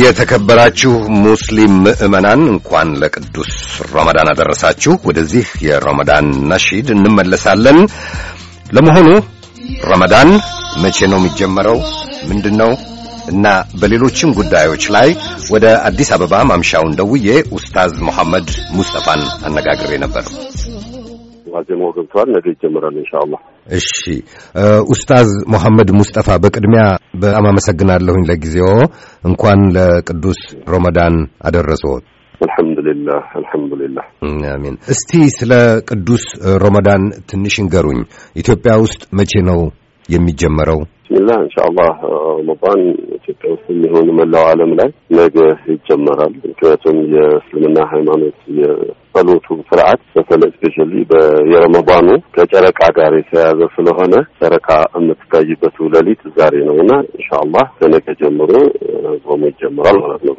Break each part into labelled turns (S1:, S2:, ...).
S1: የተከበራችሁ ሙስሊም ምዕመናን እንኳን ለቅዱስ ረመዳን አደረሳችሁ። ወደዚህ የረመዳን ነሺድ እንመለሳለን። ለመሆኑ ረመዳን መቼ ነው የሚጀመረው? ምንድን ነው እና በሌሎችም ጉዳዮች ላይ ወደ አዲስ አበባ ማምሻውን ደውዬ ኡስታዝ መሐመድ ሙስጠፋን አነጋግሬ ነበር። ዋዜማው ገብተዋል። ነገ ይጀምራል እንሻአላ። እሺ ኡስታዝ መሐመድ ሙስጠፋ በቅድሚያ በጣም አመሰግናለሁኝ። ለጊዜው እንኳን ለቅዱስ ሮመዳን አደረሰዎት። አልሐምዱሊላህ አልሐምዱሊላህ። አሚን። እስቲ ስለ ቅዱስ ሮመዳን ትንሽ እንገሩኝ። ኢትዮጵያ ውስጥ መቼ ነው የሚጀመረው? ቢስሚላ
S2: እንሻአላህ ረመዳን ኢትዮጵያ ውስጥ የሚሆን መላው ዓለም ላይ ነገ ይጀመራል። ምክንያቱም የእስልምና ሃይማኖት የጸሎቱ ስርዓት በተለይ ስፔሻሊ የረመዳኑ ከጨረቃ ጋር የተያያዘ ስለሆነ ጨረቃ የምትታይበቱ ሌሊት ዛሬ ነው እና እንሻአላህ ከነገ ጀምሮ ጾሙ ይጀምራል ማለት ነው።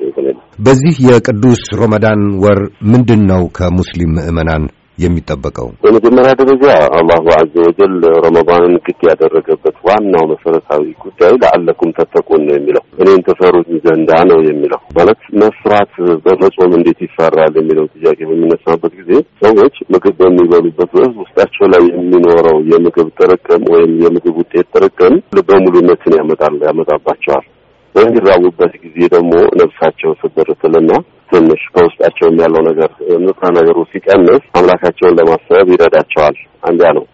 S1: በዚህ የቅዱስ ረመዳን ወር ምንድን ነው ከሙስሊም ምዕመናን የሚጠበቀው?
S2: በመጀመሪያ ደረጃ አላሁ አዘ ወጀል ረመዳንን ግድ ያደረገበት ዋናው መሰረታዊ ጉዳይ ለአለኩም ተተቁን ነው የሚለው እኔን ተፈሩኝ ዘንዳ ነው የሚለው ማለት መስራት በመጾም እንዴት ይፈራል የሚለው ጥያቄ በሚነሳበት ጊዜ ሰዎች ምግብ በሚበሉበት ወቅት ውስጣቸው ላይ የሚኖረው የምግብ ጥርቅም ወይም የምግብ ውጤት ጥርቅም ልበሙሉነትን ያመጣል ያመጣባቸዋል። በሚራቡበት ጊዜ ደግሞ ነፍሳቸው ስብርትልና ትንሽ በውስጣቸውም ያለው ነገር ንጥረ ነገሩ ሲቀንስ አምላካቸውን ለማሰብ ይረዳቸዋል። አንዲያ ነው።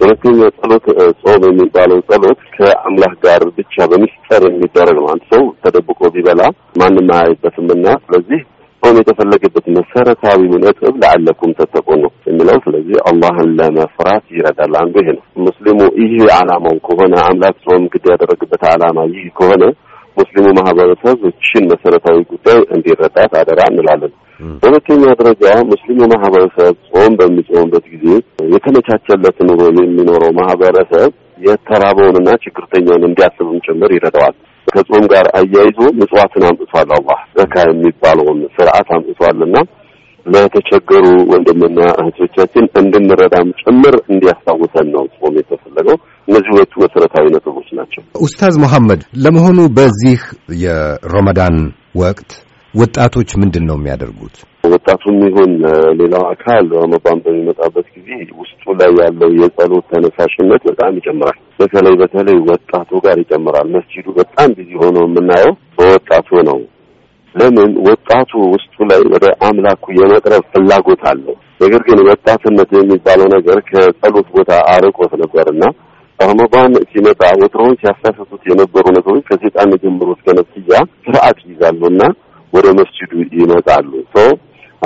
S2: ሁለተኛው ጸሎት ጾም የሚባለው ጸሎት ከአምላክ ጋር ብቻ በሚስጠር የሚደረግ ነው። አንድ ሰው ተደብቆ ቢበላ ማንም አያይበትም እና ስለዚህ ጾም የተፈለገበት መሰረታዊ ነጥብ ለአለኩም ተተቁን ነው የሚለው። ስለዚህ አላህን ለመፍራት ይረዳል። አንዱ ይሄ ነው። ሙስሊሙ ይህ አላማው ከሆነ አምላክ ጾም ግድ ያደረግበት አላማ ይህ ከሆነ ሙስሊሙ ማህበረሰብ እችን መሰረታዊ ጉዳይ እንዲረዳት አደራ እንላለን። በሁለተኛ ደረጃ ሙስሊሙ ማህበረሰብ ጾም በሚጾምበት ጊዜ የተመቻቸለት ኑሮ የሚኖረው ማህበረሰብ የተራበውንና ችግርተኛውን እንዲያስብም ጭምር ይረዳዋል። ከጾም ጋር አያይዞ ምጽዋትን አምጥቷል። አላህ ዘካ የሚባለውን ስርዓት አምጥቷልና ለተቸገሩ ወንድምና እህቶቻችን እንድንረዳም ጭምር እንዲያስታውሰን ነው ጾም የተፈለገው። እነዚህ ሁለቱ መሰረታዊ ነጥቦች ናቸው።
S1: ኡስታዝ መሐመድ፣ ለመሆኑ በዚህ የሮመዳን ወቅት ወጣቶች ምንድን ነው የሚያደርጉት?
S2: ወጣቱም ይሁን ሌላው አካል ረመዳን በሚመጣበት ጊዜ ውስጡ ላይ ያለው የጸሎት ተነሳሽነት በጣም ይጨምራል። በተለይ በተለይ ወጣቱ ጋር ይጨምራል። መስጂዱ በጣም ቢዚ ሆኖ የምናየው በወጣቱ ነው። ለምን ወጣቱ ውስጡ ላይ ወደ አምላኩ የመቅረብ ፍላጎት አለው። ነገር ግን ወጣትነት የሚባለው ነገር ከጸሎት ቦታ አርቆት ነበርና ጣሊባን ሲመጣ ወትሮውን ሲያሳሰሱት የነበሩ ነገሮች ከሴጣን ጀምሮ እስከ ነፍስያ ስርዓት ይይዛሉ እና ወደ መስጅዱ ይመጣሉ። ሰው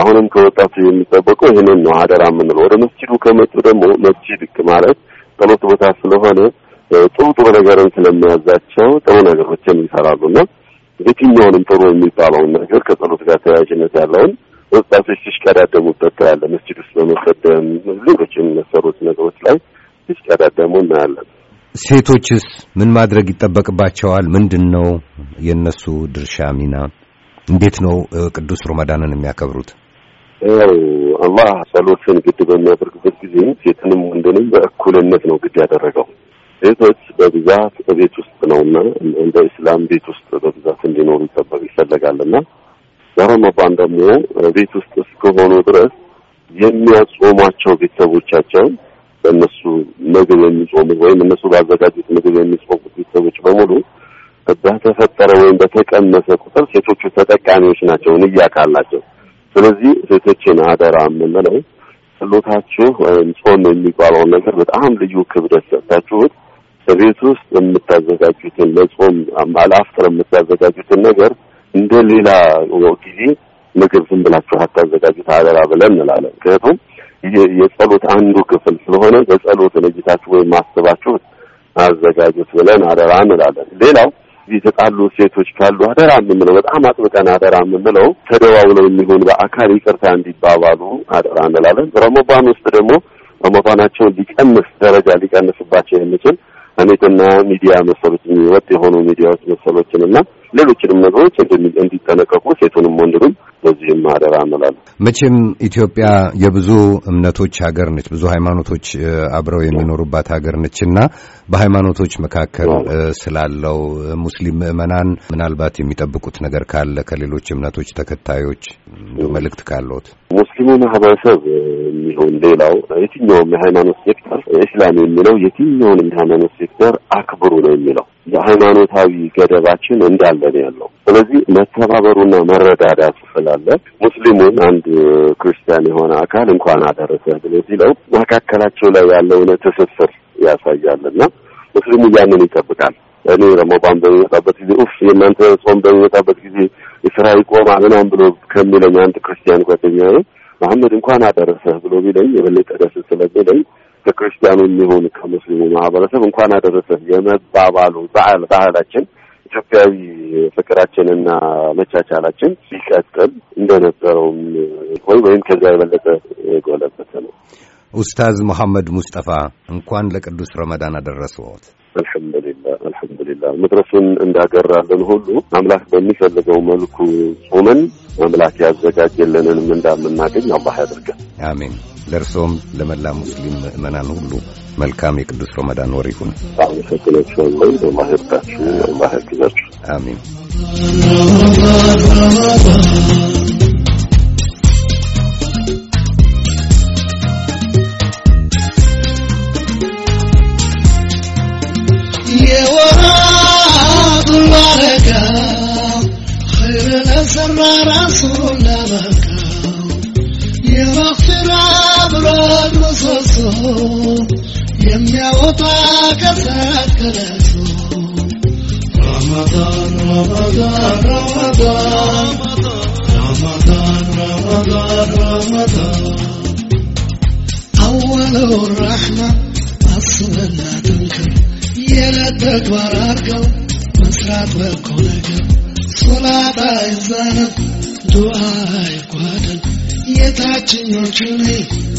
S2: አሁንም ከወጣቱ የሚጠበቀው ይህንን ነው፣ አደራ የምንለው ወደ መስጅዱ ከመጡ ደግሞ መስጅድ ማለት ጸሎት ቦታ ስለሆነ ጥሩ ጥሩ ነገርን ስለሚያዛቸው ጥሩ ነገሮችን እና የትኛውንም ጥሩ የሚባለውን ነገር ከጸሎት ጋር ተያያዥነት ያለውን ወጣቶች ሲሽቀዳደሙበት ትላለ መስጅድ ውስጥ በመሰደም ሌሎች የሚመሰሩት ነገሮች ላይ ሲሽቀዳደሙ እናያለን።
S1: ሴቶችስ ምን ማድረግ ይጠበቅባቸዋል? ምንድን ነው የእነሱ ድርሻ ሚና? እንዴት ነው ቅዱስ ሮመዳንን የሚያከብሩት?
S2: አላህ ጸሎትን ግድ በሚያደርግበት ጊዜ ሴትንም ወንድንም በእኩልነት ነው ግድ ያደረገው። ሴቶች በብዛት ቤት ውስጥ ነውና እንደ እስላም ቤት ውስጥ በብዛት እንዲኖሩ ይጠበቅ ይፈለጋልና በረመዳን ደግሞ ቤት ውስጥ እስከሆኑ ድረስ የሚያጾሟቸው ቤተሰቦቻቸውን በእነሱ ምግብ የሚጾሙት ወይም እነሱ ባዘጋጁት ምግብ የሚጾሙት ቤተሰቦች በሙሉ በተፈጠረ ወይም በተቀመሰ ቁጥር ሴቶቹ ተጠቃሚዎች ናቸው፣ ንያ አካል ስለዚህ ሴቶችን አደራ የምንለው ጸሎታችሁ ወይም ጾም የሚባለውን ነገር በጣም ልዩ ክብደት ሰጥታችሁት በቤት ውስጥ የምታዘጋጁትን ለጾም አላፍጥር የምታዘጋጁትን ነገር እንደ ሌላ ጊዜ ምግብ ዝም ብላችሁ አታዘጋጁት አደራ ብለን እንላለን። ምክንያቱም የጸሎት አንዱ ክፍል ስለሆነ በጸሎት ለይታችሁ ወይም ማሰባችሁ አዘጋጁት ብለን አደራ እንላለን። ሌላው የተጣሉ ሴቶች ካሉ አደራ የምንለው በጣም አጥብቀን አደራ የምንለው ተደዋውለው የሚሆን በአካል ይቅርታ እንዲባባሉ አደራ እንላለን። ረመዳን ውስጥ ደግሞ ረመዳናቸውን ሊቀንስ ደረጃ ሊቀንስባቸው የሚችል እኔትና ሚዲያ መሰሎች ወጥ የሆኑ ሚዲያዎች መሰሎችን እና ሌሎችንም ነገሮች እንዲጠነቀቁ ሴቱንም ወንድሩም በዚህም አደራ
S1: እላለሁ። መቼም ኢትዮጵያ የብዙ እምነቶች ሀገር ነች፣ ብዙ ሃይማኖቶች አብረው የሚኖሩባት ሀገር ነች እና በሃይማኖቶች መካከል ስላለው ሙስሊም ምዕመናን ምናልባት የሚጠብቁት ነገር ካለ ከሌሎች እምነቶች ተከታዮች እንዲሁ መልእክት ካለት
S2: ሙስሊሙ ማህበረሰብ የሚሆን ሌላው የትኛውም የሃይማኖት ሴክተር እስላም የሚለው የትኛውንም የሃይማኖት ሴክተር አክብሩ ነው የሚለው የሃይማኖታዊ ገደባችን እንዳለን ያለው ስለዚህ መተባበሩና መረዳዳ ስላለ ሙስሊሙን አንድ ክርስቲያን የሆነ አካል እንኳን አደረሰህ ብሎ ሲለው መካከላቸው ላይ ያለውን ትስስር ያሳያልና ሙስሊሙ ያንን ይጠብቃል። እኔ ረመዳን በሚመጣበት ጊዜ ኡፍ የእናንተ ጾም በሚመጣበት ጊዜ የስራ ይቆማ ምናምን ብሎ ከሚለኝ አንድ ክርስቲያን ነው መሐመድ እንኳን አደረሰህ ብሎ ቢለኝ የበለጠ ደስ ስለሚለኝ ከክርስቲያኑ የሚሆን ከሙስሊሙ ማህበረሰብ እንኳን አደረሰህ የመባባሉ ባህል ባህላችን ኢትዮጵያዊ ፍቅራችንና መቻቻላችን ሲቀጥል እንደነበረውም ወይ ወይም ከዚያ የበለጠ የጎለበተ ነው።
S1: ኡስታዝ መሐመድ ሙስጠፋ እንኳን ለቅዱስ ረመዳን አደረስዎት።
S2: አልሐምዱሊላ አልሐምዱሊላ መድረሱን እንዳገራለን ሁሉ አምላክ በሚፈልገው መልኩ ጾመን አምላክ ያዘጋጀልንንም እንዳምናገኝ አላህ ያደርገን።
S1: አሜን። ለእርሶም ለመላ ሙስሊም ምዕመናን ሁሉ መልካም የቅዱስ ረመዳን ወር ይሁን። አመሰግናችኋለሁ። አሚን።
S2: ባረካ ራሱን
S1: ምሰሶ የሚያወጣ ከሰት ከለሱ
S2: ረመዳን ረመዳን ረመዳን ረመዳን ረመዳን ረመዳን አወለው ረሕማ አስበና ትንክር የዕለት ተግባር አድርገው መስራት በጎ ነገር ሶላት አይዛነብ ዱዓ አይጓደል የታችኞች ነይ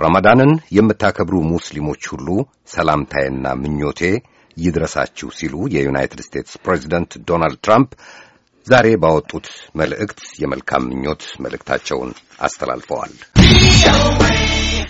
S1: ረመዳንን የምታከብሩ ሙስሊሞች ሁሉ ሰላምታዬና ምኞቴ ይድረሳችሁ ሲሉ የዩናይትድ ስቴትስ ፕሬዚደንት ዶናልድ ትራምፕ ዛሬ ባወጡት መልእክት የመልካም ምኞት መልእክታቸውን አስተላልፈዋል።